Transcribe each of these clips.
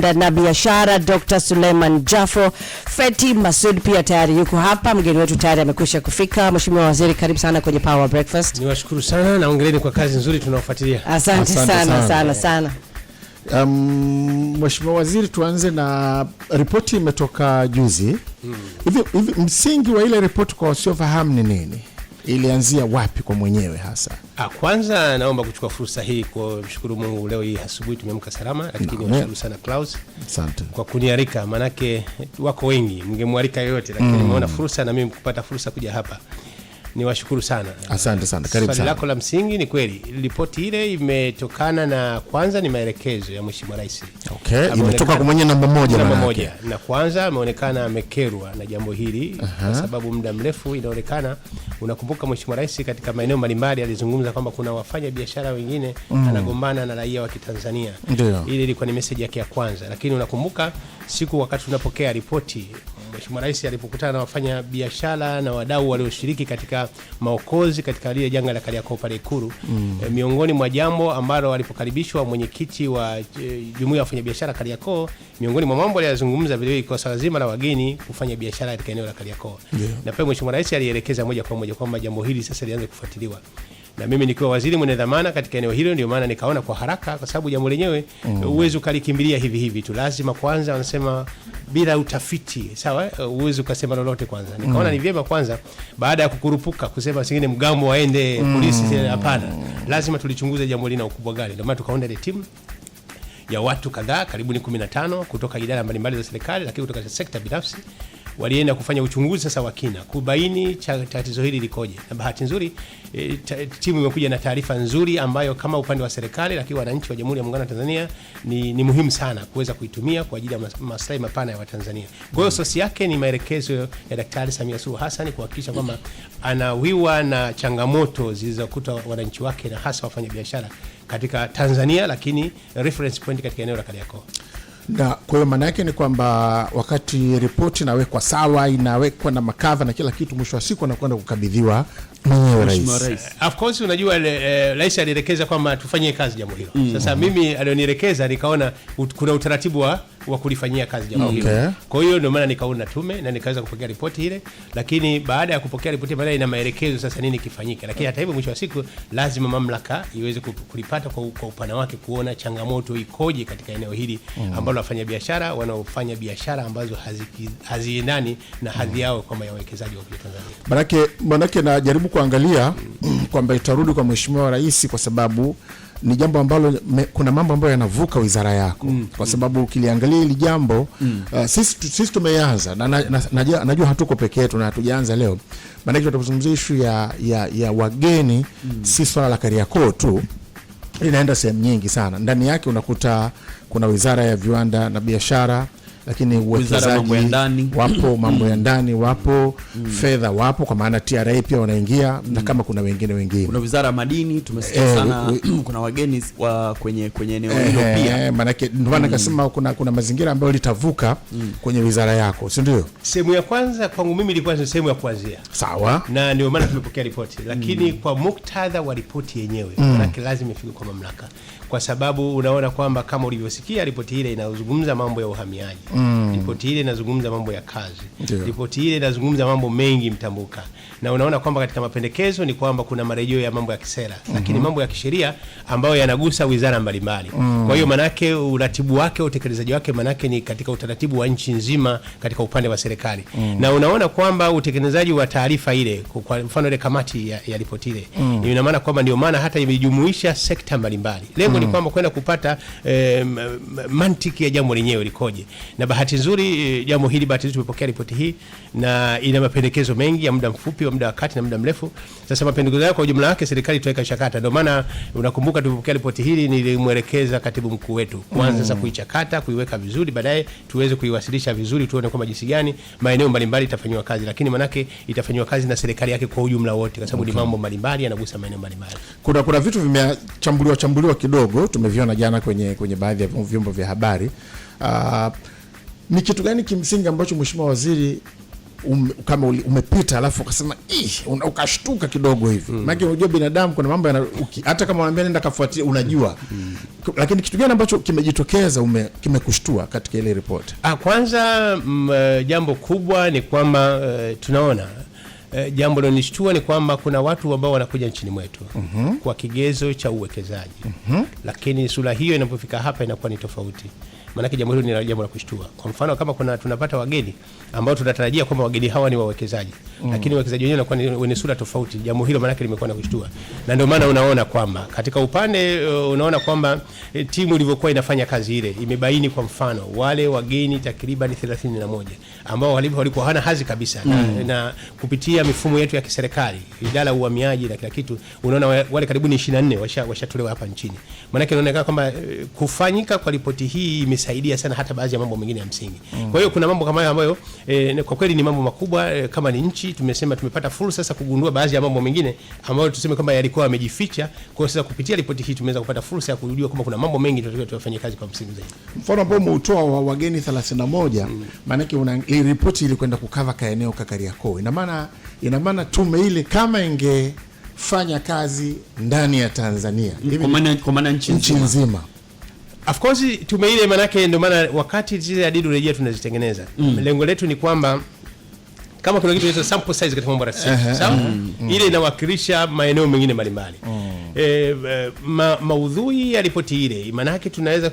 viwanda na biashara, Dr. Suleiman Jafo. Feti Masud pia tayari yuko hapa, mgeni wetu tayari amekwisha kufika. Mheshimiwa Waziri, karibu sana kwenye Power Breakfast. Niwashukuru sana na ongereni kwa kazi nzuri tunaofuatilia. Asante, asante sana sana sana, sana. Um, Mheshimiwa Waziri, tuanze na ripoti imetoka juzi hmm. hivi. hmm. Msingi wa ile ripoti kwa wasiofahamu ni nini? ilianzia wapi kwa mwenyewe hasa? Ah, kwanza naomba kuchukua fursa hii kumshukuru Mungu, leo hii asubuhi tumeamka salama, lakini nashukuru sana Klaus, asante kwa kunialika, maanake wako wengi, mngemwalika yoyote, lakini mm. nimeona mm. fursa na mimi kupata fursa kuja hapa washukuru sana. Asante sana, karibu sana. lako la msingi ni kweli, ripoti ile imetokana na kwanza ni maelekezo ya Mheshimiwa Rais. Okay, imetoka kwa mwenye namba moja, namba moja, na kwanza ameonekana amekerwa na jambo hili uh -huh. kwa sababu muda mrefu inaonekana, unakumbuka Mheshimiwa Rais katika maeneo mbalimbali alizungumza kwamba kuna wafanya biashara wengine mm. anagombana na raia wa Kitanzania. Ile ilikuwa ni message yake ya kwanza, lakini unakumbuka siku wakati tunapokea ripoti Mheshimiwa Rais alipokutana na wafanya biashara na wadau walioshiriki katika maokozi katika lile janga la Kariakoo pale Ikulu mm. E, miongoni mwa jambo ambalo alipokaribishwa mwenyekiti wa e, jumuiya ya wafanyabiashara Kariakoo, miongoni mwa mambo aliyozungumza vile vile swala zima la wageni kufanya biashara katika eneo la Kariakoo yeah. Na pia Mheshimiwa Rais alielekeza moja kwa moja kwamba jambo hili sasa lianze kufuatiliwa na mimi nikiwa waziri mwenye dhamana katika eneo hilo, ndio maana nikaona kwa haraka, kwa sababu jambo lenyewe mm. huwezi mm. ukalikimbilia hivi hivi tu, lazima kwanza, wanasema bila utafiti sawa, huwezi ukasema lolote kwanza. Nikaona mm. ni vyema kwanza, baada ya kukurupuka kusema singine mgambo waende mm. polisi, hapana, lazima tulichunguze jambo lina ukubwa gani. Ndio maana tukaunda ile timu ya watu kadhaa, karibu ni 15 kutoka idara mbalimbali za serikali, lakini kutoka sekta binafsi walienda kufanya uchunguzi sasa wa kina kubaini tatizo hili likoje, na bahati nzuri e, timu imekuja na taarifa nzuri ambayo kama upande wa serikali, lakini wananchi wa Jamhuri ya Muungano wa Tanzania ni, ni muhimu sana kuweza kuitumia kwa ajili ya maslahi mapana ya Watanzania. Kwa hiyo sosi yake ni maelekezo ya Daktari Samia Suluhu Hassan kuhakikisha kwamba anawiwa na changamoto zilizokuta wananchi wake na hasa wafanyabiashara katika Tanzania, lakini reference point katika eneo la Kariakoo. Na kwa hiyo maana yake ni kwamba wakati ripoti inawekwa sawa, inawekwa na makava na kila kitu, mwisho wa siku anakwenda kukabidhiwa mwenyewe rais. Of course unajua eh, eh, rais alielekeza kwamba tufanye kazi jambo hilo mm. Sasa mimi alionielekeza nikaona ut, kuna utaratibu wa wa kulifanyia kazi jambo hilo. Okay. Kwa hiyo ndio maana nikaona tume na nikaweza kupokea ripoti ile, lakini baada ya kupokea ripoti baadaye ina maelekezo sasa nini kifanyike. Lakini hata hivyo mwisho wa siku lazima mamlaka iweze kulipata kwa, kwa upana wake kuona changamoto ikoje katika eneo hili mm. ambalo biashara wanaofanya biashara ambazo haziendani na hadhi yao kama ya wawekezaji wa Tanzania. Manake manake najaribu kuangalia kwamba itarudi kwa Mheshimiwa Rais kwa sababu ni jambo ambalo me, kuna mambo ambayo yanavuka wizara yako mm. kwa sababu ukiliangalia hili jambo mm. uh, sisi, sisi tumeanza na, na, na, najua, hatuko peke yetu na hatujaanza leo, maanake tutazungumzia ishu ya, ya, ya wageni mm. si swala la Kariakoo tu linaenda sehemu nyingi sana ndani yake unakuta kuna wizara ya viwanda na biashara lakini uwekezaji mambo ya ndani wapo, mambo ya ndani wapo, fedha wapo, kwa maana TRA pia wanaingia na mm. kama kuna wengine wengine, kuna wizara ya madini tumesikia eh, sana kuna wageni wa kwenye kwenye eneo hilo eh, eh maanake ndio maana mm. nikasema kuna kuna mazingira ambayo litavuka mm. kwenye wizara yako, si ndio? Sehemu ya kwanza kwangu mimi ilikuwa ni sehemu ya kuanzia, sawa, na ndio maana tumepokea ripoti, lakini kwa muktadha wa ripoti yenyewe maanake lazima ifike kwa mamlaka kwa sababu unaona kwamba kama ulivyosikia ripoti ile inazungumza mambo ya uhamiaji mm. Ripoti ile inazungumza mambo ya kazi yeah. Ripoti ile inazungumza mambo mengi mtambuka, na unaona kwamba katika mapendekezo ni kwamba kuna marejeo ya mambo ya kisera mm -hmm. Lakini mambo ya kisheria ambayo yanagusa wizara mbalimbali mm. Kwa hiyo manake uratibu wake, utekelezaji wake manake ni katika utaratibu wa nchi nzima katika upande wa serikali mm. Na unaona kwamba utekelezaji wa taarifa ile, kwa mfano ile kamati ya, ya ripoti ile mm. Ina maana kwamba ndio maana hata imejumuisha sekta mbalimbali lengo ni kwamba kwenda kupata eh, mantiki ya jambo lenyewe likoje. Na bahati nzuri eh, jambo hili, bahati nzuri tumepokea ripoti hii na ina mapendekezo mengi ya muda mfupi, wa muda wa kati na muda mrefu. Sasa mapendekezo yao kwa ujumla wake serikali itaweka chakata. Ndio maana unakumbuka tulipokea ripoti hili nilimwelekeza katibu mkuu wetu kwanza sasa mm. kuichakata, kuiweka vizuri, baadaye tuweze kuiwasilisha vizuri, tuone kwamba jinsi gani maeneo mbalimbali itafanywa kazi, lakini manake itafanywa kazi na serikali yake kwa ujumla wote, kwa sababu ni mambo mbalimbali yanagusa maeneo mbalimbali. Kuna kuna vitu vimechambuliwa chambuliwa kidogo kidogo, tumeviona jana kwenye, kwenye baadhi ya vyombo vya habari uh, ni kitu gani kimsingi ambacho mheshimiwa waziri um, kama umepita alafu ukasema ukashtuka kidogo hivi mm. Maana unajua binadamu kuna mambo hata kama unaambia nenda kafuatia unajua mm. Lakini kitu gani ambacho kimejitokeza kimekushtua katika ile ripoti? Ah, kwanza m, mm, eh, jambo kubwa ni kwamba uh, tunaona Eh, jambo linonishtua ni kwamba kuna watu ambao wanakuja nchini mwetu mm -hmm. kwa kigezo cha uwekezaji mm -hmm. lakini sura hiyo inapofika hapa inakuwa ni tofauti maanake jambo hilo ni jambo la kushtua. Kwa mfano kama kuna tunapata wageni ambao tunatarajia kwamba wageni hawa ni wawekezaji mm. lakini wawekezaji wenyewe wanakuwa wenye sura tofauti, jambo hilo maanake limekuwa na kushtua, na ndio maana unaona kwamba katika upande uh, unaona kwamba eh, timu ilivyokuwa inafanya kazi ile imebaini, kwa mfano wale wageni takriban 31 ambao walikuwa hana hazi kabisa mm. na, na kupitia mifumo yetu ya kiserikali, idara ya uhamiaji na kila kitu, unaona wale karibu ni 24 washatolewa washa hapa nchini, maanake inaonekana kwamba eh, kufanyika kwa ripoti hii imesaidia sana hata baadhi ya mambo mengine ya msingi. Mm. Kwa hiyo kuna mambo kama hayo ambayo e, kwa kweli ni mambo makubwa e, kama ni nchi tumesema tumepata fursa sasa kugundua baadhi ya mambo mengine ambayo tuseme kwamba yalikuwa yamejificha. Kwa hiyo sasa kupitia ripoti hii tumeweza kupata fursa ya kujua kwamba kuna mambo mengi tunatakiwa tuyafanye kazi kwa msingi zaidi. Mfano ambao umeutoa wa wageni 31 mm. maana yake una ripoti ilikwenda kukava ka eneo ka Kariakoo. Ina maana ina maana tume ile kama inge fanya kazi ndani ya Tanzania kwa maana nchi nzima Of course tume ile manake, ndio maana wakati zile adidi rejea tunazitengeneza mm. lengo letu ni kwamba kama kuna kitu sample size katika mambo ya sawa, mm, mm. ile inawakilisha maeneo mengine mbalimbali mm e, ma, maudhui ya ripoti ile maanake tunaweza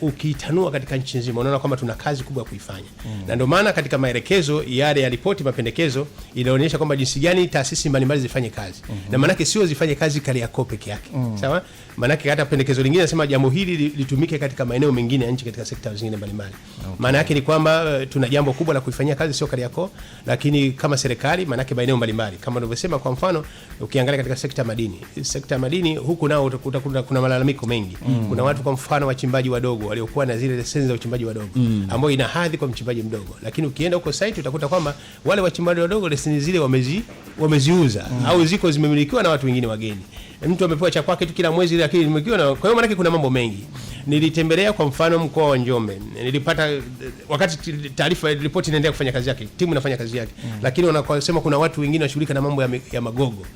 ukitanua katika nchi nzima unaona kwamba tuna kazi kubwa kuifanya mm. na ndio maana katika maelekezo yale ya ripoti mapendekezo inaonyesha kwamba jinsi gani taasisi mbalimbali zifanye kazi mm -hmm. na maanake sio zifanye kazi Kariakoo peke yake mm. sawa maanake hata pendekezo lingine nasema jambo hili litumike katika maeneo mengine ya nchi katika sekta zingine mbalimbali okay. maana yake ni kwamba eh, tuna jambo kubwa la kuifanyia kazi sio Kariakoo lakini kama serikali maanake maeneo mbalimbali kama unavyosema kwa mfano ukiangalia katika sekta madini sekta madini madini huku nao utakuta kuna, kuna malalamiko mengi mm. Kuna watu kwa mfano wachimbaji wadogo waliokuwa na zile leseni za uchimbaji wadogo mm. ambayo ina hadhi kwa mchimbaji mdogo, lakini ukienda huko site utakuta kwamba wale wachimbaji wadogo leseni zile wamezi wameziuza mm. au ziko zimemilikiwa na watu wengine wageni. Mtu amepewa cha kwake tu kila mwezi, lakini nimekiwa na. Kwa hiyo maana kuna mambo mengi nilitembelea kwa mfano mkoa wa Njombe, nilipata wakati taarifa ripoti inaendelea kufanya kazi yake, timu inafanya kazi yake mm. lakini wanasema kuna watu wengine wanashughulika na mambo ya, ya magogo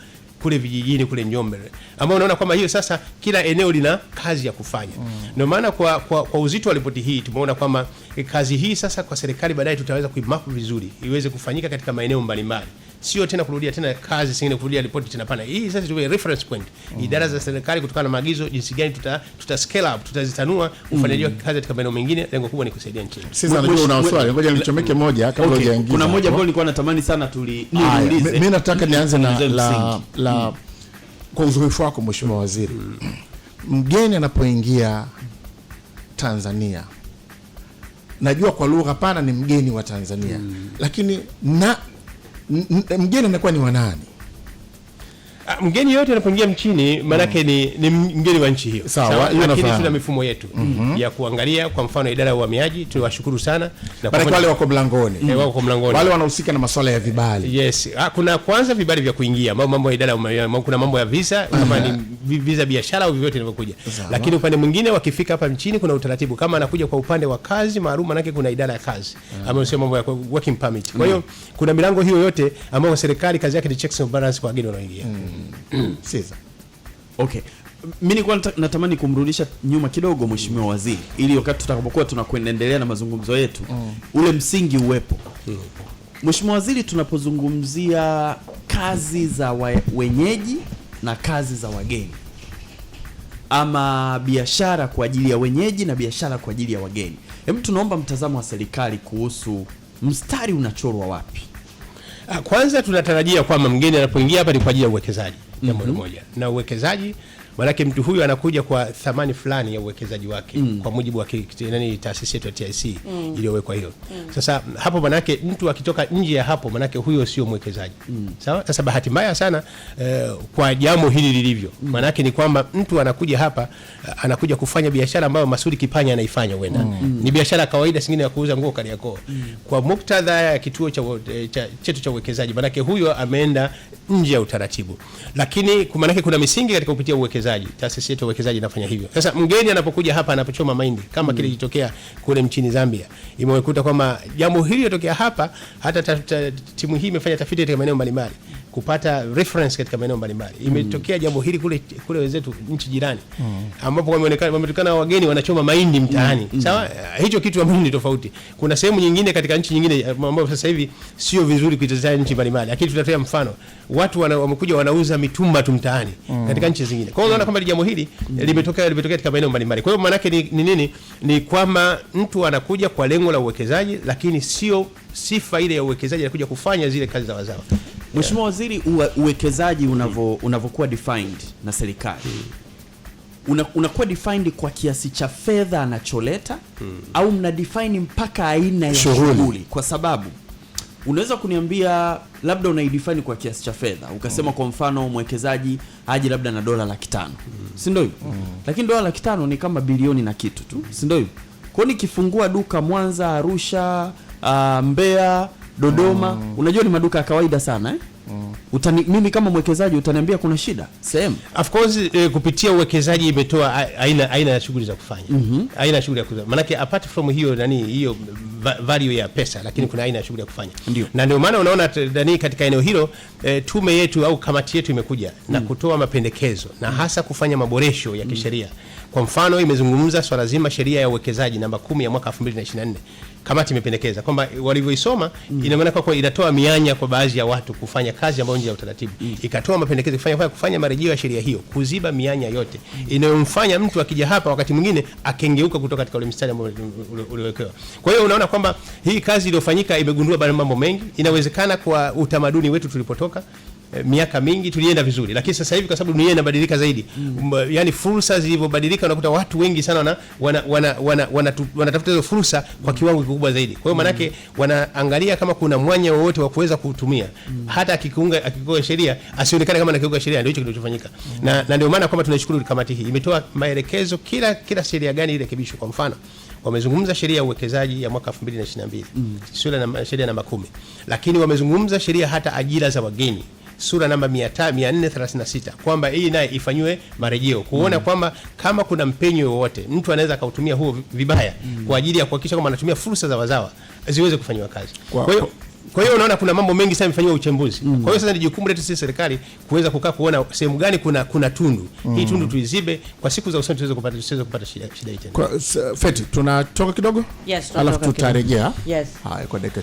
kule vijijini kule Nyombele, ambao unaona kwamba hiyo sasa kila eneo lina kazi ya kufanya mm. Ndio maana kwa, kwa, kwa uzito wa ripoti hii tumeona kwamba eh, kazi hii sasa kwa serikali baadaye tutaweza kuimapu vizuri iweze kufanyika katika maeneo mbalimbali sio tena kurudia tena kazi singine kurudia ripoti tena pana. Hii sasa tuwe reference point mm. idara za serikali, kutokana na maagizo, jinsi gani tuta, tuta scale up, tutazitanua ufanyaji mm. kazi katika maeneo mengine. Lengo kubwa ni kusaidia nchi. Sasa ndio una swali, ngoja nichomeke moja kabla okay. hujaingia. Kuna moja ambayo nilikuwa natamani sana tuli niulize, mimi nataka nianze na la, la kwa uzoefu wako Mheshimiwa Waziri, mgeni anapoingia Tanzania najua kwa lugha pana ni mgeni wa Tanzania mm. lakini na mgeni anakuwa ni wanani? Ah, mgeni yote anapoingia mchini maanake ni, ni mgeni wa nchi hiyo sawa, lakini tuna mifumo yetu mm -hmm. ya kuangalia. Kwa mfano idara ya uhamiaji tuwashukuru sana na kwa wale wako mlangoni mm -hmm. wako mlangoni wale wanahusika na masuala ya vibali yes. ha, ah, kuna kwanza vibali vya kuingia, mambo mambo ya idara, ya kuna mambo ya visa kama mm -hmm. ni visa biashara au vyovyote vinavyokuja, lakini upande mwingine wakifika hapa mchini kuna utaratibu. Kama anakuja kwa upande wa kazi maalum, manake kuna idara ya kazi mm -hmm. ambayo sio mambo ya working permit. Kwa hiyo mm kuna milango hiyo yote ambayo serikali kazi yake ni checks and balance kwa wageni wanaoingia mm Siza. okay, mimi nilikuwa natamani kumrudisha nyuma kidogo mheshimiwa waziri, ili wakati tutakapokuwa tunakuendelea na mazungumzo yetu mm. ule msingi uwepo mm. waziri, tunapozungumzia kazi za wenyeji na kazi za wageni ama biashara kwa ajili ya wenyeji na biashara kwa ajili ya wageni, hebu tunaomba mtazamo wa serikali kuhusu mstari unachorwa wapi? Ah, kwanza tunatarajia kwamba mgeni anapoingia hapa ni kwa ajili ya uwekezaji, jambo mhm. moja, na uwekezaji Maanake mtu huyu anakuja kwa thamani fulani ya uwekezaji wake mm. kwa mujibu wa nani taasisi yetu ya TIC mm. iliyowekwa hiyo mm. Sasa hapo manake mtu akitoka nje ya hapo manake huyo sio mwekezaji mm. sawa. Sasa bahati mbaya sana eh, kwa jambo hili lilivyo mm. maanake ni kwamba mtu anakuja hapa anakuja kufanya biashara ambayo masuri Kipanya anaifanya huenda mm. mm. ni biashara kawaida singine ya kuuza nguo Kariakoo mm. kwa muktadha ya kituo cha, eh, cha, chetu cha uwekezaji manake huyo ameenda nje ya utaratibu, lakini maanake kuna misingi katika kupitia uwekezaji. Taasisi yetu ya uwekezaji inafanya hivyo. Sasa mgeni anapokuja hapa, anapochoma mahindi kama mm. kile kule nchini Zambia, imekuta kwamba jambo hili lilotokea hapa, hata timu hii imefanya tafiti katika maeneo mbalimbali kupata reference katika maeneo mbalimbali. Imetokea jambo hili kule kule wenzetu nchi jirani mm. ambapo wameonekana wametokana wageni wanachoma mahindi mtaani mm, mm. sawa. Hicho kitu ambacho ni tofauti, kuna sehemu nyingine katika nchi nyingine ambapo sasa hivi sio vizuri kuitetea nchi mbalimbali, lakini tutatoa mfano watu wana, wamekuja wanauza mitumba tu mtaani mm. katika nchi zingine. Kwa hiyo unaona kwamba jambo hili mm. limetokea limetokea katika maeneo mbalimbali. Kwa hiyo maana yake ni, ni nini? Ni kwamba mtu anakuja kwa lengo la uwekezaji, lakini sio sifa ile ya uwekezaji anakuja kufanya zile kazi za wazawa. Mheshimiwa Waziri, uwekezaji unavyokuwa defined na serikali hmm. una, unakuwa defined kwa kiasi cha fedha anacholeta hmm, au mna define mpaka aina ya shughuli? Kwa sababu unaweza kuniambia labda unaidefine kwa kiasi cha fedha ukasema, hmm, kwa mfano mwekezaji aje labda na dola laki tano hmm, si ndio hivyo? Hmm, lakini dola laki tano ni kama bilioni na kitu tu, si ndio hivyo? Kwa hiyo nikifungua duka Mwanza, Arusha, uh, Mbeya Dodoma mm. Unajua ni maduka ya kawaida sana eh? mm. Utani, mimi kama mwekezaji utaniambia kuna shida sehemu of course eh, kupitia uwekezaji imetoa aina aina ya shughuli za kufanya mm -hmm. aina ya shughuli ya kufanya manake apart from hiyo nani hiyo value ya pesa lakini mm. kuna aina ya shughuli ya kufanya Ndiyo. na ndio maana unaona nani katika eneo hilo eh, tume yetu au kamati yetu imekuja mm. na kutoa mapendekezo na mm. hasa kufanya maboresho ya mm. kisheria mm kwa mfano, imezungumza swala zima sheria ya uwekezaji namba kumi ya mwaka 224 kamati imependekeza kwamba walivyoisoma mm. ina kwa kwa inatoa mianya kwa baadhi ya watu kufanya kazi ambayo nje ya utaratibu mm. ikatoa mapendekezo kufanya kufanya, kufanya marejeo ya sheria hiyo kuziba mianya yote mm. inayomfanya mtu akija hapa wakati mwingine akengeuka kutoka katika ule mstari ambao uliowekewa. Kwa hiyo unaona kwamba hii kazi iliyofanyika imegundua bado mambo mengi, inawezekana kwa utamaduni wetu tulipotoka Eh, miaka mingi tulienda vizuri, lakini sasa hivi kwa sababu dunia inabadilika zaidi mm. Yani fursa zilivyobadilika, unakuta watu wengi sana wana, wana, wana, wana, wana, wanatafuta hizo fursa kwa kiwango kikubwa zaidi. Kwa hiyo mm. maanake mm. wanaangalia kama kuna mwanya wowote wa kuweza kutumia mm. hata akikunga akikiuka sheria asionekane kama anakiuka sheria, ndio hicho kinachofanyika mm. na, na ndio maana kwamba tunashukuru kamati hii imetoa maelekezo kila kila sheria gani irekebishwe. Kwa mfano wamezungumza sheria ya uwekezaji ya mwaka 2022 mm. sura na sheria namba 10 lakini wamezungumza sheria hata ajira za wageni sura namba 436 kwamba hii naye ifanyiwe marejeo kuona mm. kwamba kama kuna mpenyo wowote mtu anaweza akautumia huo vibaya mm. kwa ajili ya kuhakikisha kwamba anatumia fursa za wazawa ziweze kufanyiwa kazi. Kwa hiyo kwa hiyo unaona kuna mambo mengi sana yamefanyiwa uchambuzi. Mm. Kwa hiyo sasa ni jukumu letu sisi serikali kuweza kukaa kuona sehemu gani kuna kuna tundu. Mm. Hii tundu tuizibe kwa siku za usoni tuweze kupata tuweze kupata shida shida hii tena. Kwa uh, Feti tunatoka kidogo? Yes, tunatoka. Alafu tutarejea. Yes. Haya kwa dakika